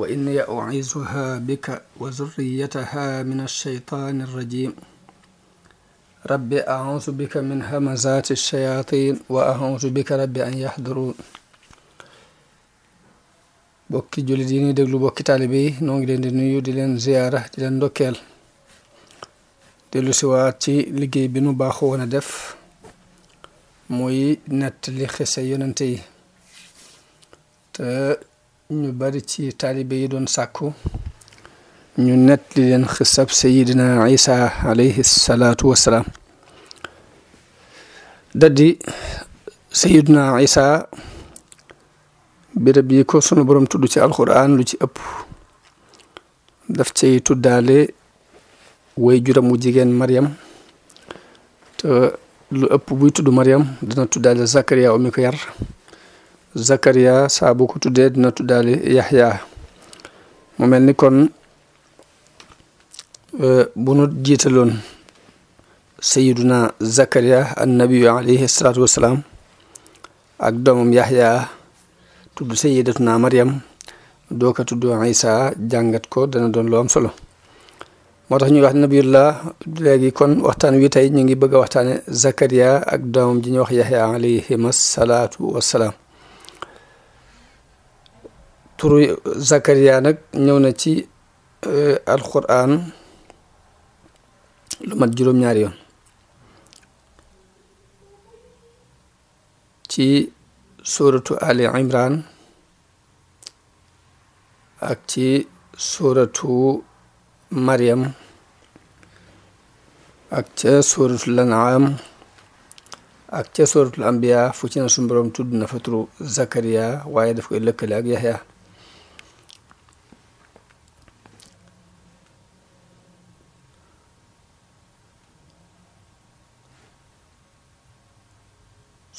وإني أعيذها بك وذريتها من الشيطان الرجيم رب أعوذ بك من همزات الشياطين وأعوذ بك رب أن يحضرون bokki jullit yi ñuy déglu bokki taalibe yi noo ngi leen di nuyu di leen ziyaara di leen ndokkeel dellu ci liggéey bi nu baaxoo woon a def muy nett li xise yonente yi te ñu bari ci taalibe yi doon sàkku ñu nett li leen xisab sayidina isa alayhi salaatu wassalaam daddi sayidina isa béréb yi ko sunu borom tudd ci alquran lu ci ëpp daf cay tuddaale way juram wu jigéen mariam te lu ëpp buy tudd mariam dana tuddaale zakariya mi yar Zakaria saa ko tuddee dina tuddaale Yaxya mu mel ni kon e, bu nu jiitaloon sayiduna Zakaria annabiyu alayhi salaatu wasalaam ak doomam Yaxya tudd sayidatuna Mariam doo ko tudd Isa jàngat ko dana doon lu solo moo tax ñuy wax nabiyullah léegi kon waxtaan wi tey ñu ngi bëgg a waxtaane Zakaria ak doomam ji ñuy wax Yaxya alayhima salaatu wasalaam turu Zakaria nag ñëw na ci eh, alquran lu mat juróom-ñaari yoon ci suratu Ali Imran ak ci suratu Maryam ak ca suratul An'am ak ca suratul Anbiya fu ci na suñu borom tudd na fa turu Zakaria waaye daf koy lëkkale ak Yaxya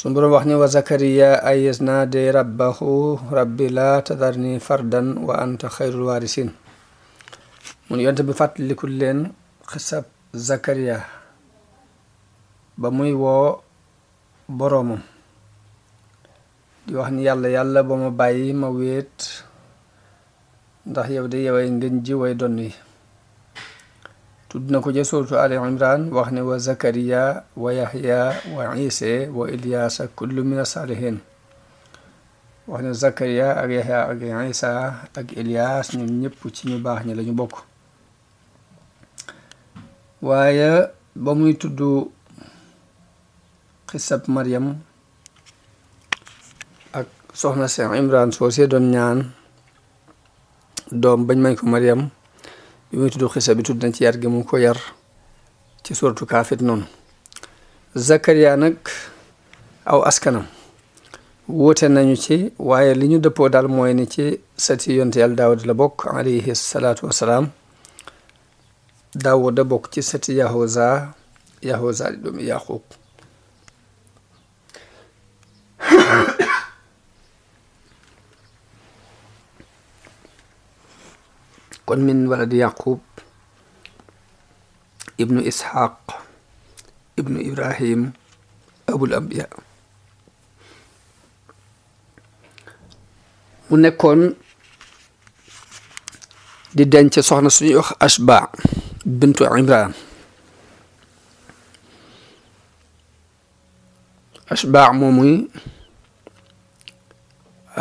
sun boroom wax ni wa zakariya ay yes naa de rabbahu rabbi laa tadarni fardan wa anta xayrul waarisin mun yonte bi fàttalikul leen xisab zakariya ba muy woo boroomam di wax ni yàlla yàlla ba ma bàyyi ma wéet ndax yow de yoway ngeen way donn tudd na ko ja suratu ali imran wax ne wa zakariya wa yahya wa isa wa ilyasa kullu min asalihin wax ne zakariya ak yahya ak isa ak ilyas ñun ñëpp ci ñu baax ñi lañu bokk waaye ba muy tudd xisab maryam ak soxna si imran soo see doon ñaan doom bañ mañ ko maryam bi muy tudd xisa bi tudd nañ ci yar gi mu ko yar ci suratu kaafit noonu Zakaria nag aw askanam woote nañu ci waaye li ñu dëppoo daal mooy ni ci sati yonte yàlla daawud la bokk alayhi salaatu wassalaam daawud da bokk ci sati yahoza yahoza di doomi yaaquub kon min walad yaqub ibnu isxaq ibnu ibrahim abul ambiya mu nekkoon di denc soxna suñuy wax ashba bintu imran ashba moomuy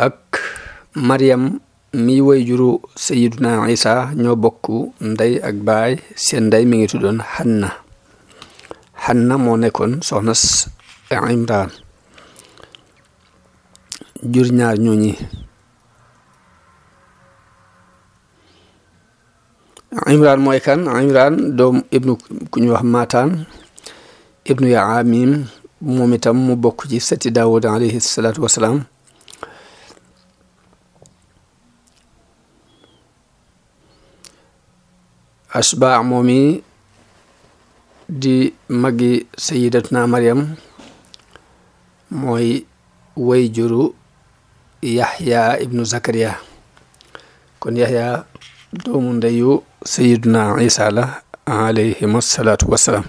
ak mariam mi way juru sayiduna isa ñoo bokk ndey ak baay seen ndey mi ngi tuddoon xanna xanna moo nekkoon soxnas imran jur ñaar ñooñi imran mooy kan imran doom ibnu ku wax mataan ibnu yaamim moom itam mu bokk ci sëti daawud alayhi salaatu wasalaam asbaa moom yi di magi sayidatuna Maryam mooy way juru Yaxya ibnu Zakariya kon Yaxya doomu ndeyu sayiduna Isa la alayhim asalaatu wasalaam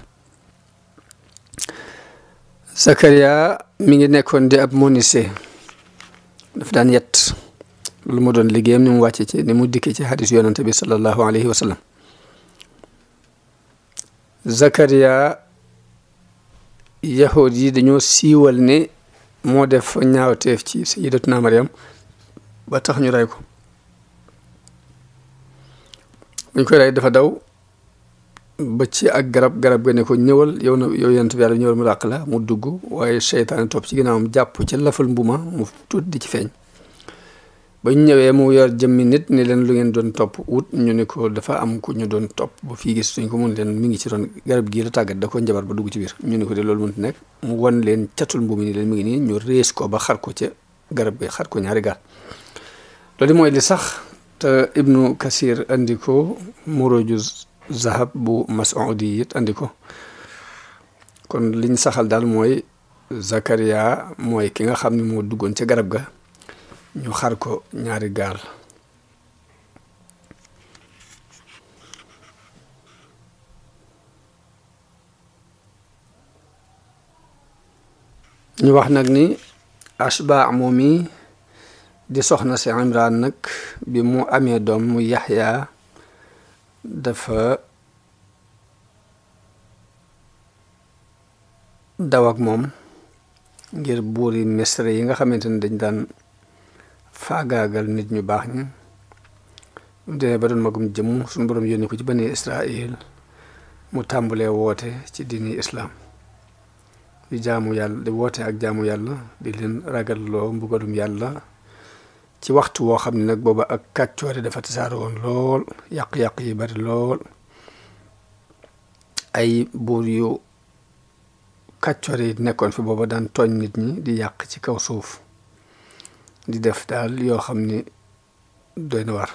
Zakariya mi ngi nekkoon di ab monise daf daan yett lu mu doon liggéeyam ni mu wàcce ci ni mu dikkee ci xadis yonante bi sallallahu alayhi wa Zakariya yahud yi dañoo siiwal ni moo def ñaawteef ci sayyidatuna Maryam ba tax ñu rey ko buñ koy rey dafa daw ba ci ak garab garab ga ne ko ñëwal yow na yow yent bi yàlla ñëwal mu làq la mu dugg waaye seytaane topp ci ginnaawam jàpp ci lafal mbuma mu tuut di ci feeñ ba ñu ñëwee mu yor jëmmi nit ni leen lu ngeen doon topp wut ñu ne ko dafa am ku ñu doon topp ba fii gis suñ ko mun leen mi ngi ci ron garab gi la tàggat da ko njabar ba dugg ci biir ñu ne ko de loolu mënut mu wan leen catul mbuumi ni leen mi ngi nii ñu rees ko ba ko ca garab gi xar ko ñaari gaal loolu mooy li sax te ibnu kasir andi ko muroju zahab bu masoudi it andi ko kon liñ saxal daal mooy Zakaria mooy ki nga xam ne moo duggoon ca garab ga ñu xar ko ñaari gaal ñu wax nag ni ashbaa moom yi di soxna si imraan nag bi mu amee doom mu yaxya dafa daw ak moom ngir buuri misra yi nga xamante ni dañ daan faagaagal nit ñu baax ñi mu ba doon magum jëmm suñu borom yónni ko ci bani Israël mu tàmbalee woote ci diini islaam di jaamu yàlla di woote ak jaamu yàlla di leen ragalloo mbugalum yàlla ci waxtu woo xam ne nag booba ak kàccoore dafa tasaaroo woon lool yàq-yàq yi bari lool ay buur yu kàccoore nekkoon fi booba daan tooñ nit ñi di yàq ci kaw suuf di def daal yoo xam ni doy na war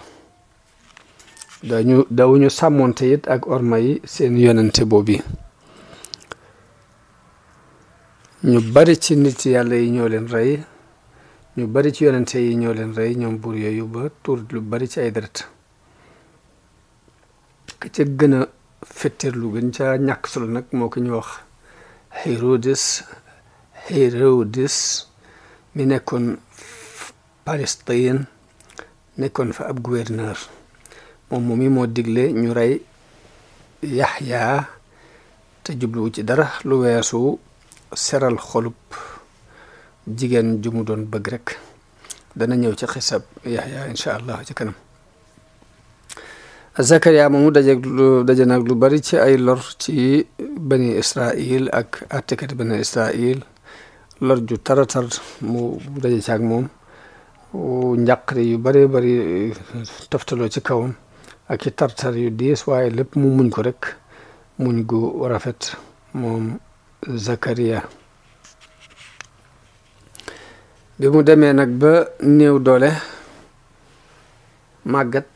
dañu dawuñu sàmmoonte it ak orma yi seen yonente boobu ñu bari ci nit yàlla yi ñoo leen rey ñu bari ci yonente yi ñoo leen rey ñoom buur yooyu ba tuur lu bari ci ay deret ka ca gën a lu gën ca ñàkk solo nag moo ko ñu wax Hérodes Hérodes mi nekkoon Palestine nekkoon fa ab gouverneur moom moom mi moo digle ñu rey Yaxya te jubluwu ci dara lu weesu seral xolub jigéen ju mu doon bëgg rek dana ñëw ci xisab Yaxya incha allah ci kanam Zakariya moomu dajeeg daje nag lu bari ci ay lor ci bani Israil ak àttekat bani Israil lor ju taratar mu daje ci moom njàqare yu bëree bëri toftaloo ci kawam aki i tartar yu diis waaye lépp mu muñ ko rek muñ gu rafet moom zakariya bi mu demee nag ba néew doole màggat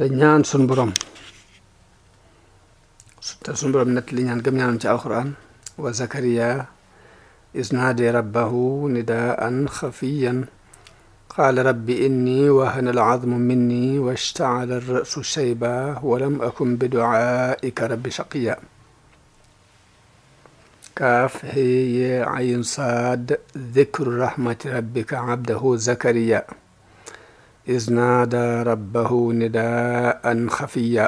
da ñaan sun borom te sun borom nett li ñaan gëm ñaanam ci alquran wa zakariya isnaadi rabbahu nidaan xafiyan qaala rabbi inni wahana alcazmu minni washtacala alrasu shayba walam akun biducaaika rabbi shaqiya kaaf heye ayin saad dikru rahmati rabbika abdahu zakariya is naada rabbahu nidaan xafiya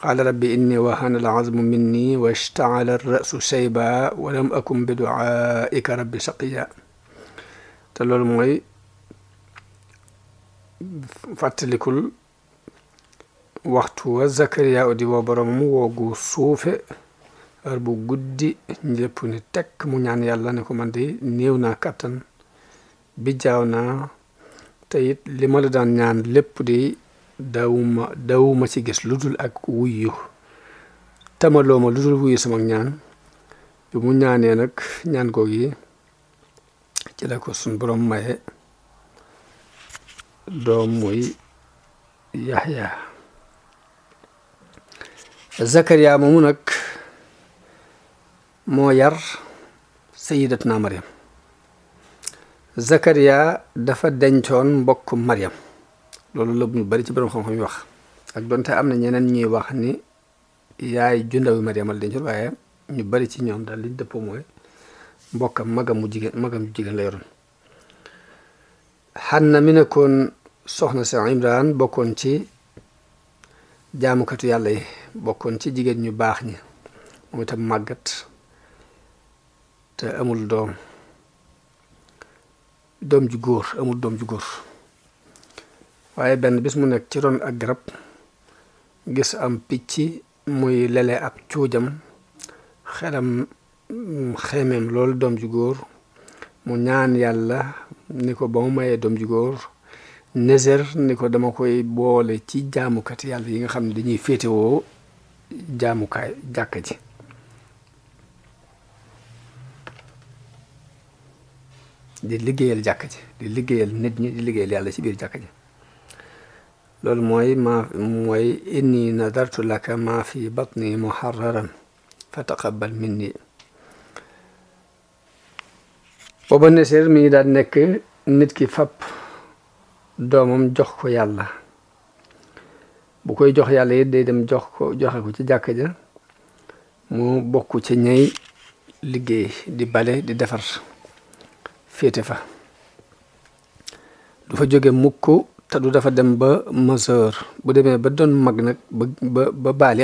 qaala rabbi inni wahana alazmu minni wa ishtaala alrasu shayba wa lam akum bi duaaika rabbi shaqiya te loolu mooy fàttalikul waxtu wa Zakariya di woo boroomam woogu suufe heure bu guddi ñëpp ni tekk mu ñaan yàlla ne ko man de néew naa kattan bi jaaw naa te it li ma la daan ñaan lépp di dawuma dawuma ci gis ludul dul ak wuyu tamaloo ma lu dul wuyu ñaan bi mu ñaanee nag ñaan ko gi ci la ko suñ borom maye doom muy yaxya zakariya moomu nag moo yar sayidatna mariam Zakaria dafa dencoon mbokk Mariam loolu la ñu bari ci borom xam-xam yi wax ak donte am na ñeneen ñuy wax ni yaay jundawi Mariam la dencoon waaye ñu bari ci ñoom li dëppoo mooy mbokkam magam mu jigéen magam mu jigéen la yoroon Xanna mi nekkoon soxna sa Imran bokkoon ci jaamukatu yàlla yi bokkoon ci jigéen ñu baax ñi moom itam màggat te amul doom doom ju góor amul doom ju góor waaye benn bis mu nekk ci ron ak garab gis am picc muy lele ak cuujam xelam mm, xemeem lool doom ju góor mu ñaan yàlla ni ko ba mu mayee doom ju góor néser ni ko dama koy boole ci jaamukat yàlla yi nga xam ne dañuy féetewoo jaamukaay jàkka ji di liggéeyal jàkk ji di liggéeyal nit ñi di liggéeyal yàlla ci biir jàkk ji loolu mooy maa mooy inni nadartu laka maa fi batni muharraran fa taqabbal minni booba Nasir mi ngi daan nekk nit ki fab doomam jox ko yàlla bu koy jox yàlla it day dem jox ko joxe ko ci jàkk ja mu bokk ci ñay liggéey di bale di defar féete fa du fa jóge mukk te du dafa dem ba majeur bu demee ba doon mag nag ba ba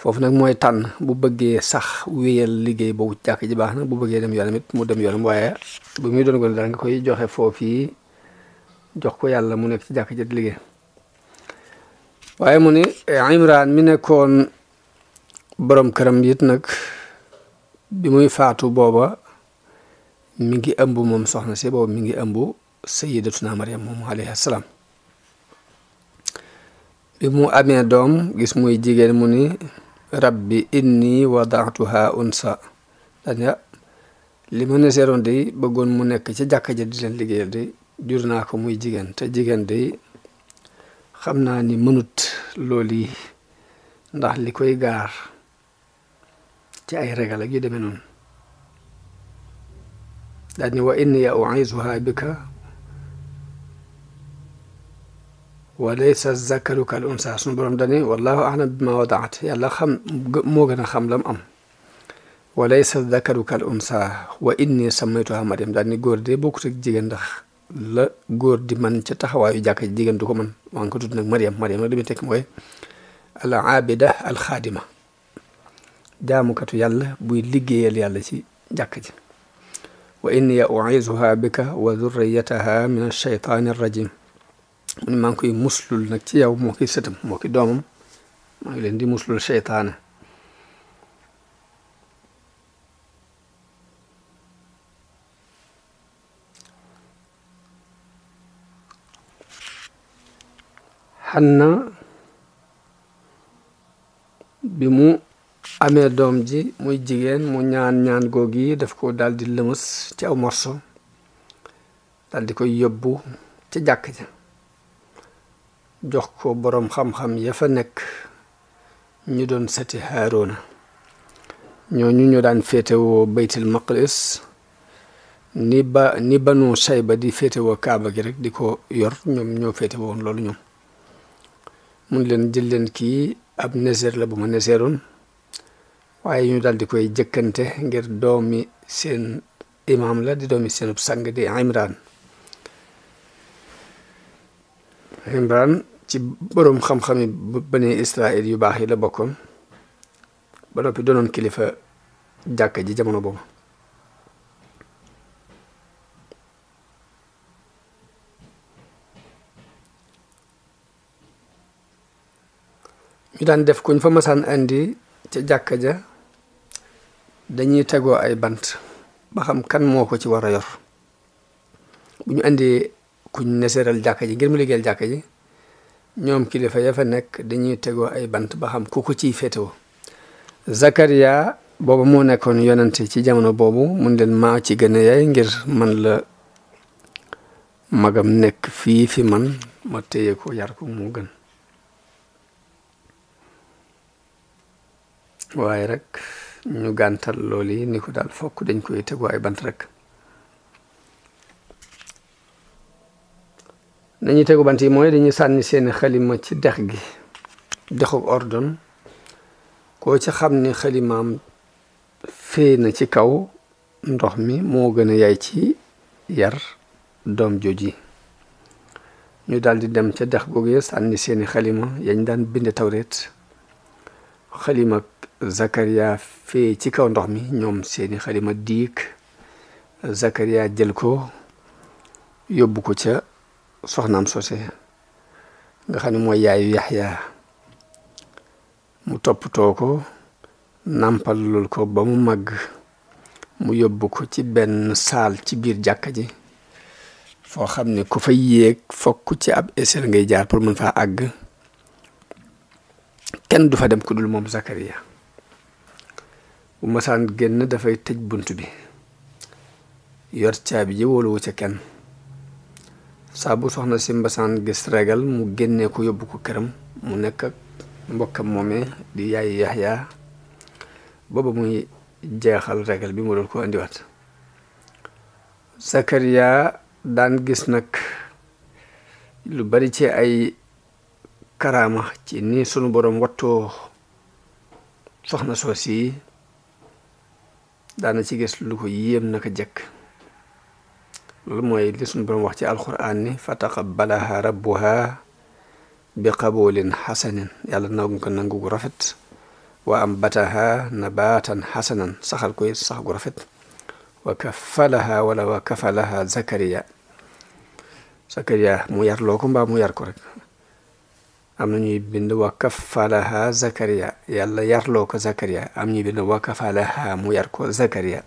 foofu nag mooy tànn bu bëggee sax wéyal liggéey boobu jàkk ji baax na bu bëggee dem yoonam it mu dem yoonam waaye bu muy doon gone daal nga koy joxe foofii jox ko yàlla mu nekk ci jàkk ji di liggéey waaye mu ni Imraan mi nekkoon borom këram it nag bi muy faatu booba mi ngi ëmb moom soxna si boobu mi ngi ëmb sayyidatuna Maryam moom alayhi salaam bi mu amee doom gis muy jigéen mu ni rabbi inni wadaatuha unsa dana li ma ne seeroon day bëggoon mu nekk ci jàkka ja di leen liggéeyal day jur naa ko muy jigéen te jigéen day xam naa ni mënut loolu ndax li koy gaar ca ay regal ak yu demee noonu daal ni wa inni u'iizuha bika wa laysa zakaru kal unsa suñu borom dani wallahu a'lam bima wadaat yàlla xam moo gën a xam lam am wa laysa zakaru kal unsa wa inni sammaytuha Maryam daal ni góor de bokkut ak jigéen ndax la góor di man ca taxawaayu jàkka jigéen du ko man maa ngi ko tudd nag Maryam Maryam nag li muy tekk al aabida al xaadima jaamukatu yàlla buy liggéeyal yàlla ci jàkk ji wa inni u'iizuha bika wa dhurriyataha min ash-shaytaani ar-rajim mu ne maa muslul nag ci yow moo koy sëtam moo koy doomam maa ngi leen di muslul seytaane xanna bi mu amee doom ji muy jigéen mu ñaan ñaan googu yi daf ko daal lëmës ci aw morso daal di koy yóbbu ci jàkk ja jox ko boroom xam-xam ya fa nekk ñu doon seti Haaruna ñoo ñu daan féetewoo baytul maqdis ni ba ni banu Shayba di féetewoo kaaba gi rek di ko yor ñoom ñoo féetewoon loolu ñoom mun leen jël leen kii ab Naseer la bu ma Naseeroon waaye ñu dal di koy jëkkante ngir doomi seen imaam la di doomi seenub sang di imran imran ci boroom xam-xami bani israil yu baax yi la bokkoon ba noppi doonoon kilifa jàkka ji jamono boobu ñu daan def kuñ fa masaan indi ca jàkka ja dañuy tegoo ay bant ba xam kan moo ko ci war a yor bu ñu andee kuñ neseeral jàkka ji ngir mu liggéeyal jàkka ji ñoom kilifa ya fa nekk dañuy tegoo ay bant ba xam ku ko ciy féetewoo Zakaria boobu moo nekkoon yonante ci jamono boobu mun leen maa ci gën a yaay ngir man la magam nekk fii fi man ma téye ko yar ko moo gën waaye rek ñu gàntal loolu yi ni ko daal fokk dañ koy tegu ay bant rek nañu tegu bant yi mooy dañuy sànni seeni xalima ci dex gi dexu ordon koo ci xam ni xalimaam fee na ci kaw ndox mi moo gën a yaay ci yar doom joji ñu daal di dem ca dex googee sànni seeni xalima yañ daan bind tawreet xalima Zakaria fee ci kaw ndox mi ñoom seeni xalima diig Zakaria jël ko yóbbu ko ca soxnaam sose nga xam ne mooy yaayu Yaxya mu toppatoo ko nàmpalul ko ba mu màgg mu yóbbu ko ci benn saal ci biir jàkka ji foo xam ne ku fa yéeg fokk ci ab échelle ngay jaar pour mun faa àgg kenn du fa dem ku dul moom Zakaria bu masaan génn dafay tëj bunt bi yor caabi ji wóoluwu ca kenn saa bu soxna si mbasaan gis regal mu génnee ko yóbbu ko këram mu nekk ak mbokkam moomee di yaay yaxyaa booba muy jeexal regal bi mu doon ko indiwaat Sakariya daan gis nag lu bari ci ay karaama ci ni sunu boroom wattoo soxna soos yi daana ci gis lu ko yéem naka jëkk loolu mooy li suñu borom wax ci alxuraan ni fa taqabbalaha rabbuha bi qabuulin xasanin yàlla nangu ko nangu gu rafet wa ambataha nabaatan xasanan saxal koy sax gu rafet wa kafalaha wala wa kafalaha zakariya zakariya mu yar loo mbaa mu yar ko rek am na ñuy bind wa kafalaha Zakaria yàlla yarloo ko Zakaria am ñuy bind wa kafalaha mu yar ko Zakaria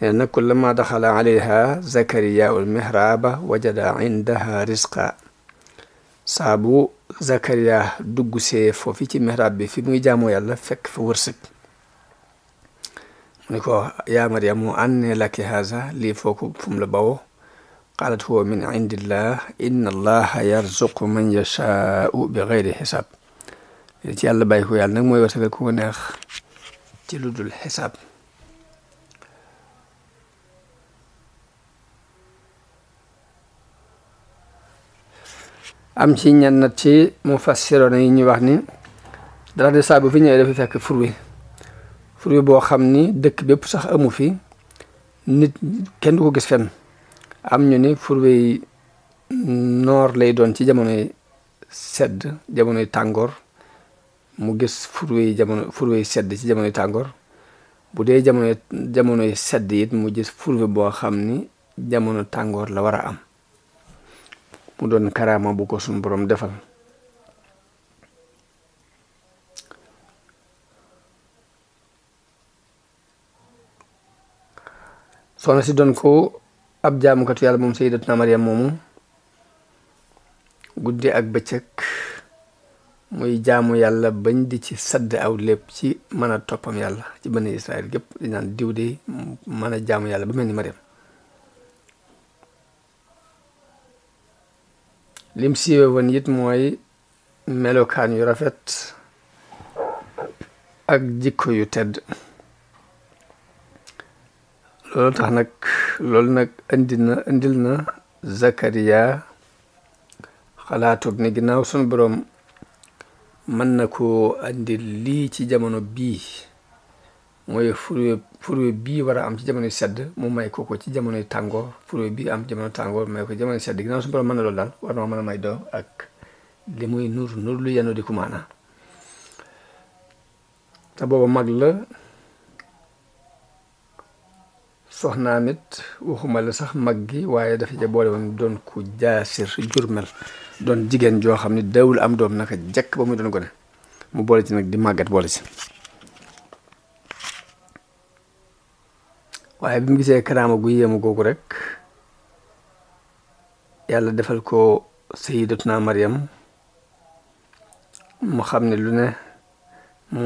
nee na kullama daxala alayha Zakaria mihraaba wajada indaha risqa saabu Zakaria dugg see foofi ci mihraab bi fi muy jaamoo yàlla fekk mu ni ko yaa Mariamu annee laki haza lii foo ko fu la bawoo qaalat huwa min indillah inna allaha yarzuqu man yashaau bi geyri xisaab li ci yàlla bàyyi nag mooy wërsëgal ku ko neex ci lu am ci ñenn nag ci mufassiroon yi ñuy wax ni dara de saa bu fi ñëwee dafa fekk fur wi fur wi boo xam ni dëkk bépp sax amu fi nit kenn du ko gis fenn am ñu ni fourbe yi noor lay doon ci jamonoy sedd jamonoy tàngoor mu gis fourbe yi jamono sedd ci jamonoy tàngoor bu dee jamono jamonoy sedd it mu gis fourbe boo xam ni jamono tàngoor la war a am mu doon karaama bu ko suñu borom defal soxna si doon ko ab jaamukatu yàlla moom sayyidatuna Maryam moomu guddi ak bëccëg muy jaamu yàlla bañ di ci sadd aw lépp ci mën a toppam yàlla ci benn Israël gépp di naan diw de mën a jaamu yàlla ba mel ni Maryam lim siiwe woon it mooy melokaan yu rafet ak jikko yu tedd loolu tax nag loolu nag indi na indil na bi xalaatug ni ginnaaw sunu boroom mën na ko andil lii ci jamono bii mooy fure fure bii war a am ci jamono sedd mu may ko ko ci jamono tàngoor fure bi am jamono tàngoor may ko jamono sedd ginnaaw sunu boroom mën na loolu daal war na mën a may doom ak limu muy nur nur lu yenu di ku maana te booba mag la soxnaam it waxuma la sax mag gi waaye dafa ca boole woon doon ku jaasir jurmel doon jigéen joo xam ne dawul am doom naka jekk ba mu doon gone mu boole ci nag di màggat boole si waaye bi mu gisee karaama gu yéemu googu rek yàlla defal ko sayidatuna Mariam mu xam ne lu ne mu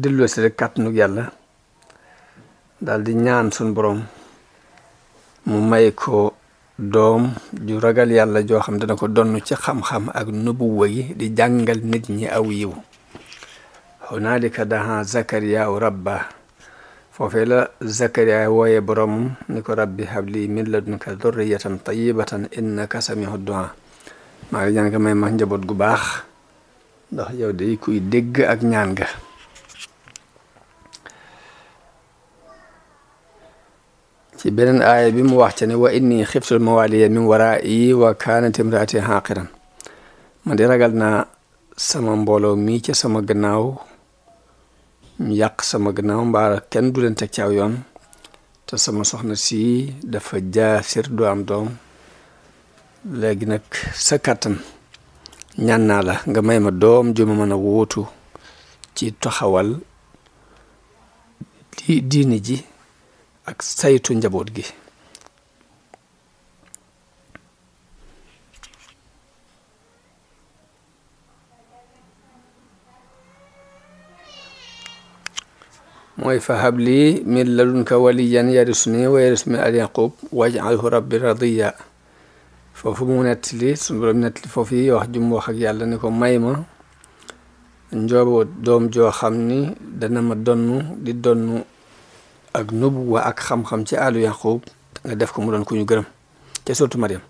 delloo rek kàttanug yàlla daal di ñaan suñ borom mu may ko doom ju ragal yàlla joo xam dana ko donn ci xam-xam ak nubuwa yi di jàngal nit ñi aw yiw hunaalika daha zakariyaaw rabba foofee la zakariya wooye boromam ni ko rabbi habli min ladunka durriyatan tayyibatan innaka samihu du'a maa ngi ñaan nga may ma njaboot gu baax ndax yow day kuy dégg ak ñaan ci beneen aaya bi mu wax ca ne wa inni xiftul mawaliya min wara yi wa kaanat imraati xaaqiran man di ragal naa sama mbooloo mii ca sama gannaaw ñu yàq sama gannaaw mbaa kenn du leen teg ci aw yoon te sama soxna si dafa jaasir du am doom léegi nag sa kàttan ñaan naa la nga may ma doom ju ma mën a wóotu ci taxawal di diini ji ak saytu njaboot gi mooy fahab lii min ladunka waliyan yarisuni wa yaris min al yaqub waj'alhu rabbi radiya foofu mu nett li suñu borom nett li foofu wax jum wax ak yàlla ni ko may ma doom joo xam ni dana ma donn di donn ak nubuwa ak xam-xam ci àllu yaqub nga def ko mu doon ku ñu gërëm te surtout Mariam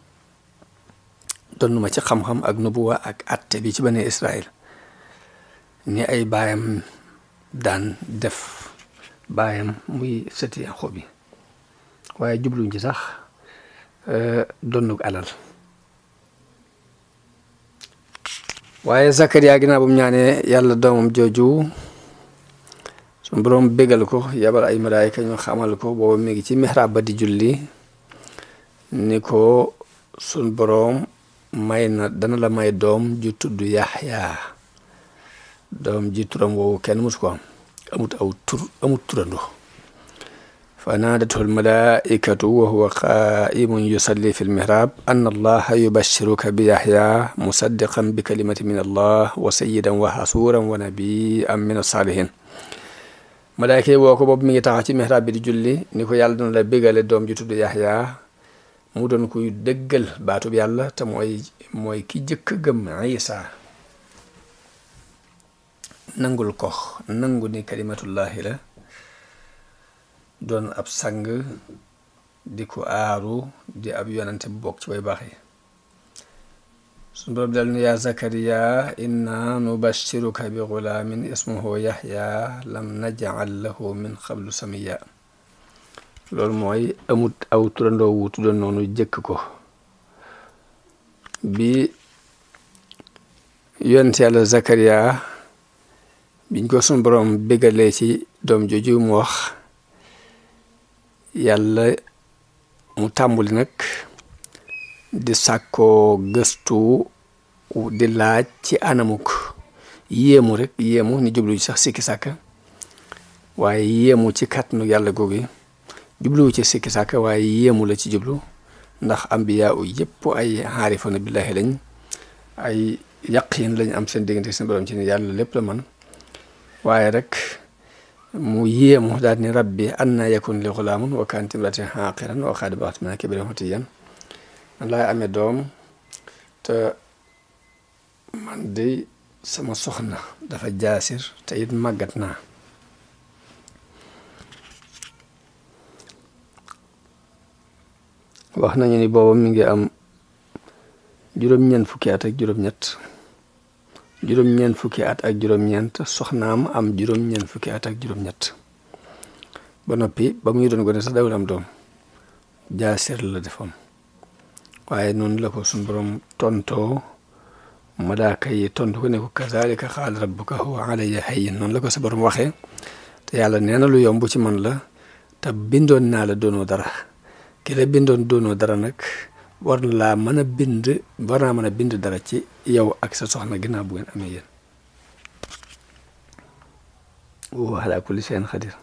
donn ma ci xam-xam ak nubuwa ak atte bi ci bani Israël ni ay baayam daan def baayam muy sëti yaqub bi waaye jubluñ ci sax euh, donnuk alal waaye Zakaria ginnaaw bu mu ñaanee yàlla doomam jooju suñu boroom bégal ko yabal ay malaayka ñu xamal ko booba mi ngi ci mihraab ba di julli ni ko suñ boroom may na dana la may doom ju tudd Yaxya doom ji turam woowu kenn musu ko am amut aw tur amut turandu fa naadatul malaikatu wa huwa qaimun yusalli fi lmihrab anna allaha yubashiruka bi yaxya musaddiqan bi kalimati min allah wa sayyidan wa hasuuran wa nabiyan min alsaalihin malaayka yi woo ko boobu mi ngi taxaw ci mihrab bi di julli ni ko yàlla dina la bégale doom ji tudd yaxya mu doon kuy dëggal baatub yàlla te mooy mooy ki jëkk gëm isa nangul ko nangu ni kalimatullahi la doon ab sang di ko aaru di ab yonante bu bokk ci way baax yi suñu borom dal ni yaa zakariya inna nubashiruka bi gulaamin ismuhu yahya lam najal lahu min qablu samiya loolu mooy amut aw turandoo wu noonu jëkk ko bi yonent yàlla zakariya biñ ko suñu borom ci doom jooju mu wax yàlla mu tàmbuli nag di sàkkoo gëstu di laaj ci anamuk yéemu rek yéemu ni jublu sax sikki sàkk waaye yéemu ci kàttanu yàlla googu jubluwu ci sikki sàkk waaye yéemu la ci jublu ndax ambiyaa u yëpp ay xaarifana billaahi lañ ay yin lañ am seen diggante seen borom ci ne yàlla lépp la man waaye rek mu yéemu daal ni rabbi an naa yakun li xulaamun wa kaanat imraatii aaqiran wa qad balagtu min kibriya 'utiyyan laay ame doom te man dey sama soxna dafa jaasir te it màggat naa wax nañu ni boobam mi ngi am juróom-ñeent fukki at ak juróom ñeent fukki at ak juróom soxnaam am juróom-ñeent fukki at ak juróom-ñett ba noppi ba muy doon gone sax dawul am doom jaasir la defoon waaye noonu la ko suñu borom tontoo malaaka yi tontu ko ne ko kazalika xaal rabbuka huwa alayya hayyin noonu la ko sa borom waxee te yàlla nee na lu yomb ci man la te bindoon naa la doonoo dara ki la bindoon doonoo dara nag war na laa mën a bind a bind dara ci yow ak sa soxna ginnaaw bu ngeen amee yéen wa ala kulli shay'in qadir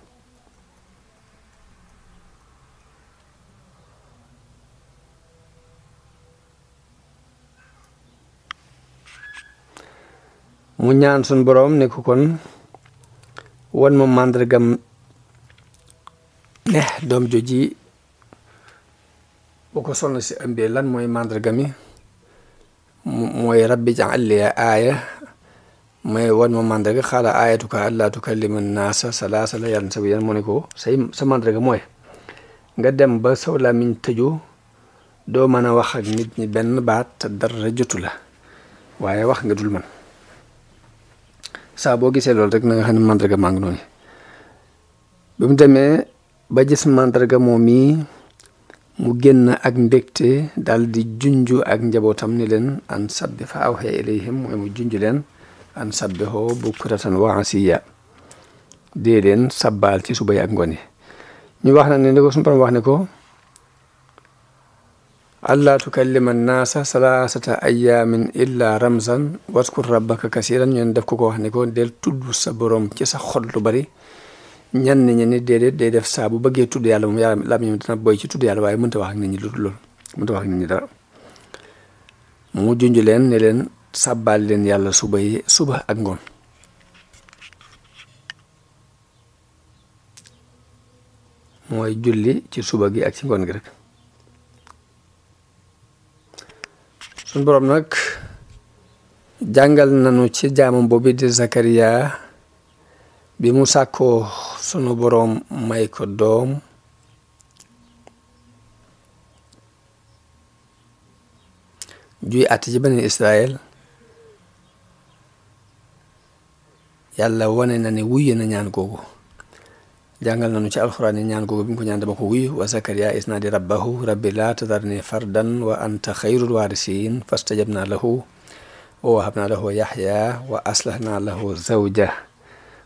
mu ñaan sun boroom ne ko kon wan ma màndargam ne doom joji bu ko soxna si ëmbee lan mooy màndarga mi mooy rabbi ja'al li aaya mooy wan ma màndarga xaala aayatuka allaa tukallima naasa salaasa la yàlla sa yan mu ne ko sa màndarga mooy nga dem ba saw làmmiñ tëju doo mën a wax nit ñi benn baat te jotu la waaye wax nga dul man saa boo gisee loolu rek na nga xam ne mandarga maa ngi noonu bi demee ba gis mandarga moom mii mu génn ak mbégte dal di junj ak njabootam ni leen an sabbiha awhaa ilayhim mooy mu junj leen an sabbihoo bukratan wa asiyya dee leen sabbaal ci suba yi ak ngoon yi ñu wax na ni ko suñu borom wax ne ko man ألا تكلم الناس ثلاثة أيام إلا رمزا واذكر ربك كثيرا ñeen def ko ko wax ne ko del tudd sa borom ci sa xol lu bari ñan ñi ni déedéet day def saabu bu bëggee tudd yàlla moom yàlla lam ñi dina boy ci tudd yàlla waaye mënta wax ak nit ñi lu loolu mënta wax ak nit ñi dara mu junj leen ne leen sàbbaal leen yàlla suba yi suba ak ngoon mooy julli ci suba gi ak ci ngoon gi suñ boroom nag jàngal nañu ci jaamam boobu di Zakariya bi mu sàkkoo sunu boroom may ko doom juy àtt ci beneen Israel yàlla wane na ne wuye na ñaan kooku jàngal nañu ci alxuraan yi ñaan googu bi mu ko ñaan wa zakariya isnaadi rabbahu rabbi laa tadarni fardan wa anta xayrul waarisiin fastajabna lahu wa wahabna lahu yaxya wa aslahna lahu zawja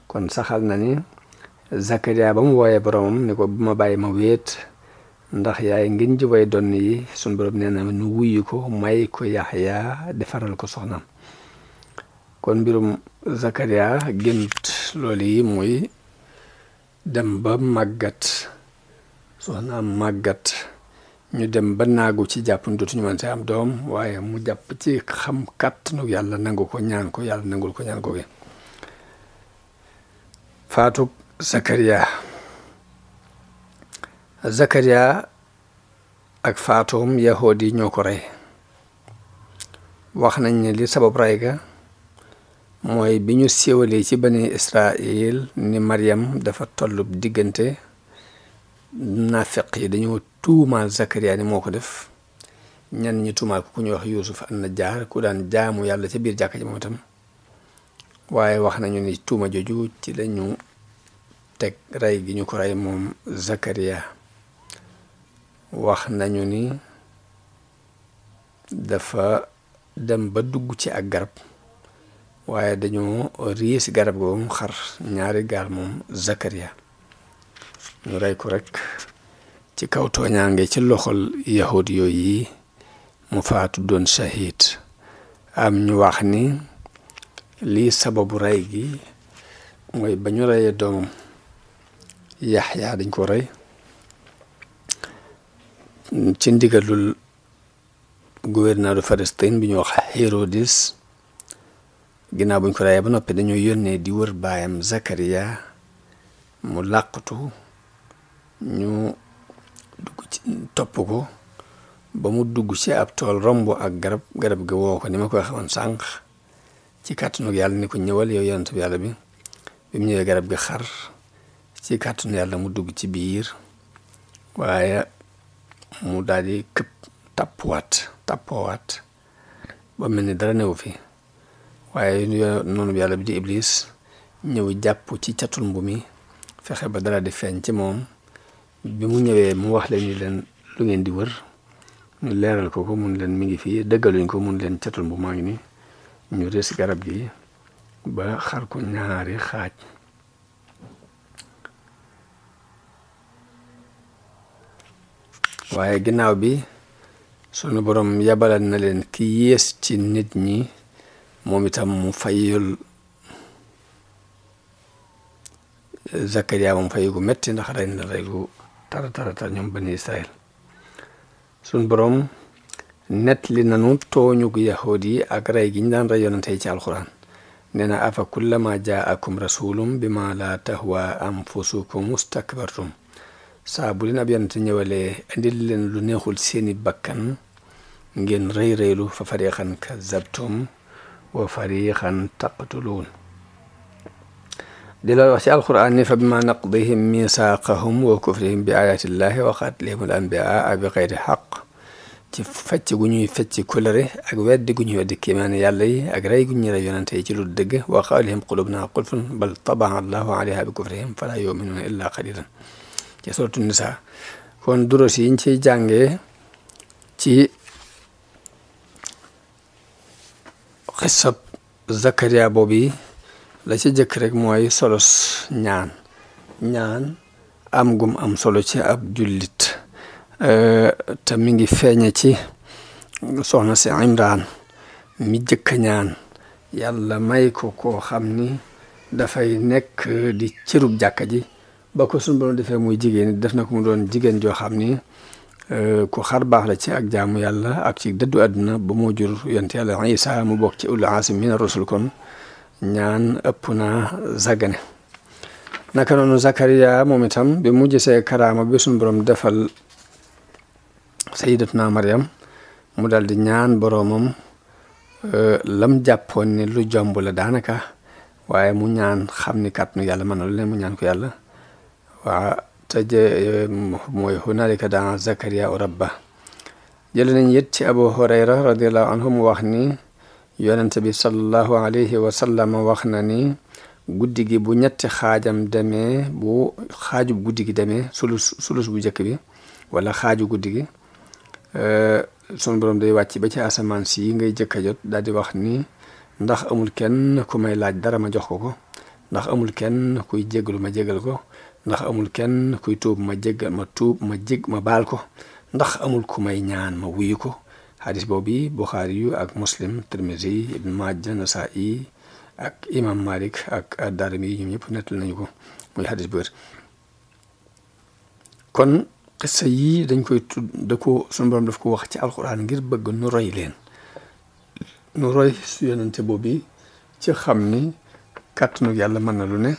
kon saxal na ni zakariya ba mu wooyee boromam ni ko bu ma bàyyi ma wéet ndax yaay ngeen ji way sun borom nee na nu wuyu ko may ko yaxya defaral ko soxnaam kon mbirum zakariya gént loolu yi dem ba màggat soxnaam màggat ñu dem ba naagu ci jàpp dootuñu mën see am doom waaye mu jàpp ci xam kàttanu yàlla nangu ko ñaan ko yàlla nangul ko ñaan ko gi faatug Zakariya Zakariya ak faatoom yahood di ñoo ko rey wax nañ ne li sabab rey ga mooy bi ñu siiwalee ci bani Israil ni Maryam dafa tollub diggante naafiq yi dañoo tuumaal Zakariya ni moo ko def ñan ñu tuumaal ko ku ñuy wax Yuusuf an Najjaar ku daan jaamu yàlla ca biir jàkka ji moom itam waaye wax nañu ni tuuma joju ci lañu teg rey gi ñu ko rey moom Zakariya wax nañu ni dafa dem ba dugg ci ak garab waaye dañoo riis garab googu mu xar ñaari gaal moom Zakaria ñu rey ko rek ci kaw tooñaange ci loxol yahud yi mu faatu doon shahid am ñu wax ni lii sababu rey gi mooy ba ñu reyee doomam Yaxya dañ ko rey ci ndigalul gouverneur de bi ñu wax Hérodis ginnaaw buñ ko rayee ba noppi dañoo yónnee di wër baayam Zakaria mu làqatu ñu dugg ci topp ko ba mu dugg ci ab tool rombo ak garab garab ga woo ko ni ma ko waxoon sànq ci kàttanu yàlla ni ko ñëwal yow yonent bi yàlla bi bi mu ñëwee garab gi xar ci kàttanu yàlla mu dugg ci biir waaye mu daal di këpp tàppuwaat tàppoowaat ba mel ni dara newu fi waaye noonu yàlla bi di iblis ñëw jàpp ci catul mbu mi fexe ba dara di feeñ ci moom bi mu ñëwee mu wax leen ni leen lu ngeen di wër ñu leeral ko ko mun leen mi ngi fi dëggaluñ ko mun leen catul mbu maa ngi ni ñu des garab gi ba xar ko ñaari xaaj waaye ginnaaw bi sunu borom yabalal na leen ki yées ci nit ñi moom itam mu fayul Zakariya moom fay gu metti ndax rey na rey gu tara tara tar ñoom bani Israël suñ borom net li nanu tooñug yahud yi ak rey gi ñu daan rey yonante yi ci alxuraan nee na afa kullama jaakum rasulum bi ma la tahwa anfusukum mustakbartum saa bu leen ab yonante ñëwalee indil leen lu neexul seeni bakkan ngeen rëy rëylu fa fariqan kazabtum wa fariqan taqtuluun di loolu wax ci alquran ni fa bima naqdihim misaaqahum wa kufrihim bi ayatillahi wa qatlihim al anbiaa bi xeyri xaq ci fecc gu ñuy fecc kulëre ak weddi gu ñuy weddi kiimaane yàlla ak rey gu ñuy yi ci lu dëgg wa qawlihim qulubna qulfun bal tabaa allahu alayha bi kufrihim fala yuminuuna illa qalilan ci suratu nisa kon duros yi ñu ciy ci xisab Zakaria boobu la ci jëkk rekk mooy solos ñaan ñaan am gum am solo ci ab jullit euh, te mi ngi feeñe ci soxna si Imraan mi jëkk ñaan yàlla may ko koo xam ni dafay nekk di cërub jàkka ji ba ko suñu borom defee muy jigéen def na ko mu doon jigéen joo xam ni Euh, ko xar baax la ci ak jaamu yàlla ak ci dëddu àdduna ba moo jur yonent yàlla Isaa mu bokk ci ulul mi mina rusul kon ñaan ëpp naa zagane naka noonu Zakariya moom itam bi mu gisee karaama bi suñu borom defal sayidatuna Mariam mu dal di ñaan boroomam euh, lam jàppoon ne lu jomb la daanaka waaye mu ñaan xam ni kàttanu yàlla mën na lu mu ñaan ko yàlla taje eh, mooy hunaalika daan Zakaria u rabba jële nañ yet ci Abu Hurayra radiallahu anhu mu wax ni yonente bi sallallahu alayhi wa wax na ni guddi gi bu ñetti xaajam demee bu xaaju guddi gi demee sulus sulus bu njëkk bi wala xaaju guddi gi eh, sunu borom day wàcc ba ci asamaan si ngay jëkk a jot daal wax ni ndax amul kenn ku may laaj dara ma jox ko ko ndax amul kenn kuy jégalu ma jégal ko ndax amul kenn kuy tuub ma jéggal ma tuub ma baal ko ndax amul ku may ñaan ma wuyu ko xadis boobu buxaari yu ak muslim tirmisi ibn majja nasaa'i ak imam malik ak addarimi yi ñoom ñëpp nettal nañu ko muy xadis bu wér kon xissa yii dañ koy tudd da ko suñu borom daf ko wax ci alquran ngir bëgg nu roy leen nu roy su yonente boobu ci xam ni kàttanu yàlla mën na lu ne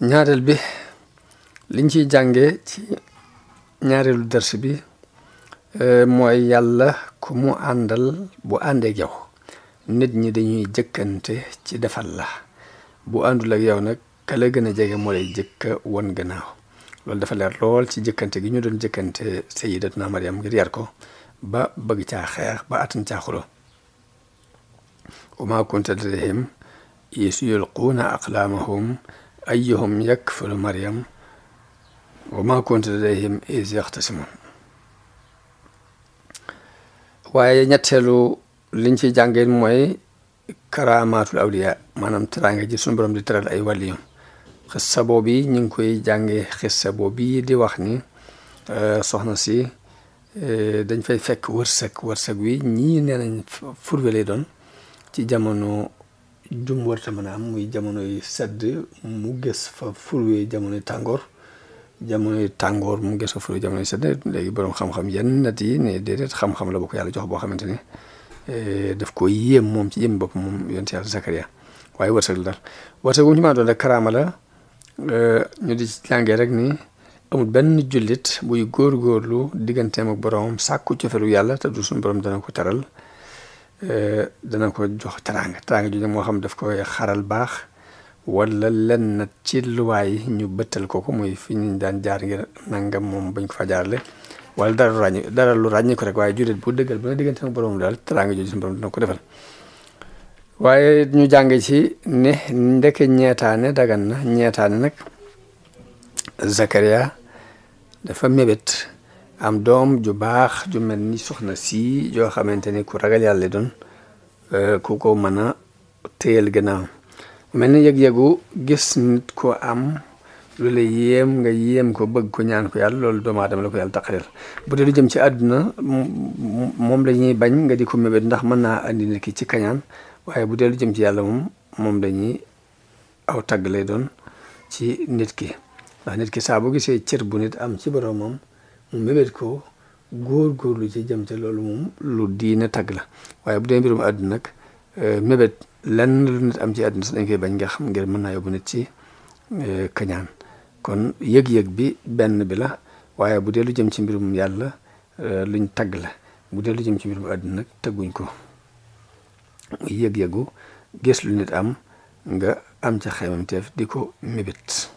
ñaareel bi liñ ciy jàngee ñaareelu dërs bi e, mooy yàlla ku mu àndal bu àndee yow nit ñi dañuy jëkkante ci defal la bu àndul ak yow nag ka gën a jege moo lay jëkka won gannaaw loolu dafa leer lool ci jëkkante gi ñu doon jëkkante Sayyidatuna Maryam ngir yar ko ba bëgg ca xeex ba atan caa xuloo wa maa kunta ladayhim iz yulquuna aqlaamahum ayyuhum yakfulu maryam wa ma kuntu ladayhim is yaxtasimun waaye ñetteelu liñ ci jàngee mooy karaamaatul awliya maanaam teraanga ji suñu borom di teral ay wàlliyam xissa boobu ñu ngi koy jàngee xissa boobu di wax ni euh, soxna si euh, dañ fay fekk wërsëg wërsëg wi ñii nee nañ furwe doon ci jamono jum warta mën a am muy jamonoy sedd mu gës fa furwee jamonoy tàngoor jamonoy tàngoor mu gës fa furwee jamonoy sedd léegi borom xam-xam yenn nat yi ne déedéet xam-xam la boo yàlla jox boo xamante ne eh, daf ko yéem moom ci yéem bopp moom si yàlla Zakaria waaye wërsëg la daal wërsëg bu ñu maa doon rek karaama la eh, ñu di ci jàngee rek ni amul benn jullit buy góor-góorlu digganteem ak boroom sàkku cofelu yàlla te du suñu borom dana ko teral Euh, dana ko jox teraanga teraanga ju ne moo xam daf koy xaral baax wala lenn ci luwaay ñu bëttal ko ko muy fi ñu daan jaar ngir nangam moom bañ ko fa jaarale wala dara lu ràññi dara lu ko rek waaye jullit bu dëggal ba na diggante sama borom daal teraanga jooju sama borom dina ko defal waaye ñu jàng ci ne ndeke ñeetaane daga na ñeetaane nag Zakaria dafa mébét am doom ju baax ju mel ni soxna si joo xamante ni ku ragal yàlla doon euh, ku ko mën a téyal gannaaw mel ni yëg-yëgu gis nit ko am lu la yéem nga yéem ko bëgg ko ñaan ko yàlla loolu doomu aadama la ko yàlla taqarir bu dee lu jëm ci àdduna moom la ñuy bañ nga di ko mébét ndax mën naa andi nit ki ci kañaan waaye bu dee lu jëm ci yàlla moom moom la ñuy aw tagg lay doon ci nit ki ndax nit ki saa bu gisee cër bu nit am ci moom mébét ko góor góor lu ci jëm ca loolu moom lu diina tag la waaye bu dee mbirum àdduna nag euh, mébét lenn lu nit am ci àdduna sax dañ koy bañ nga xam ngir mën naa yóbbu nit ci euh, kañaan kon yëg-yëg bi benn bi la waaye bu dee lu jëm ci mbirum yàlla euh, luñ tag la bu dee lu jëm ci mbirum àdduna nag tagguñ ko muy yëg-yëgu gis lu nit am nga am ca xaymamteef di ko mébét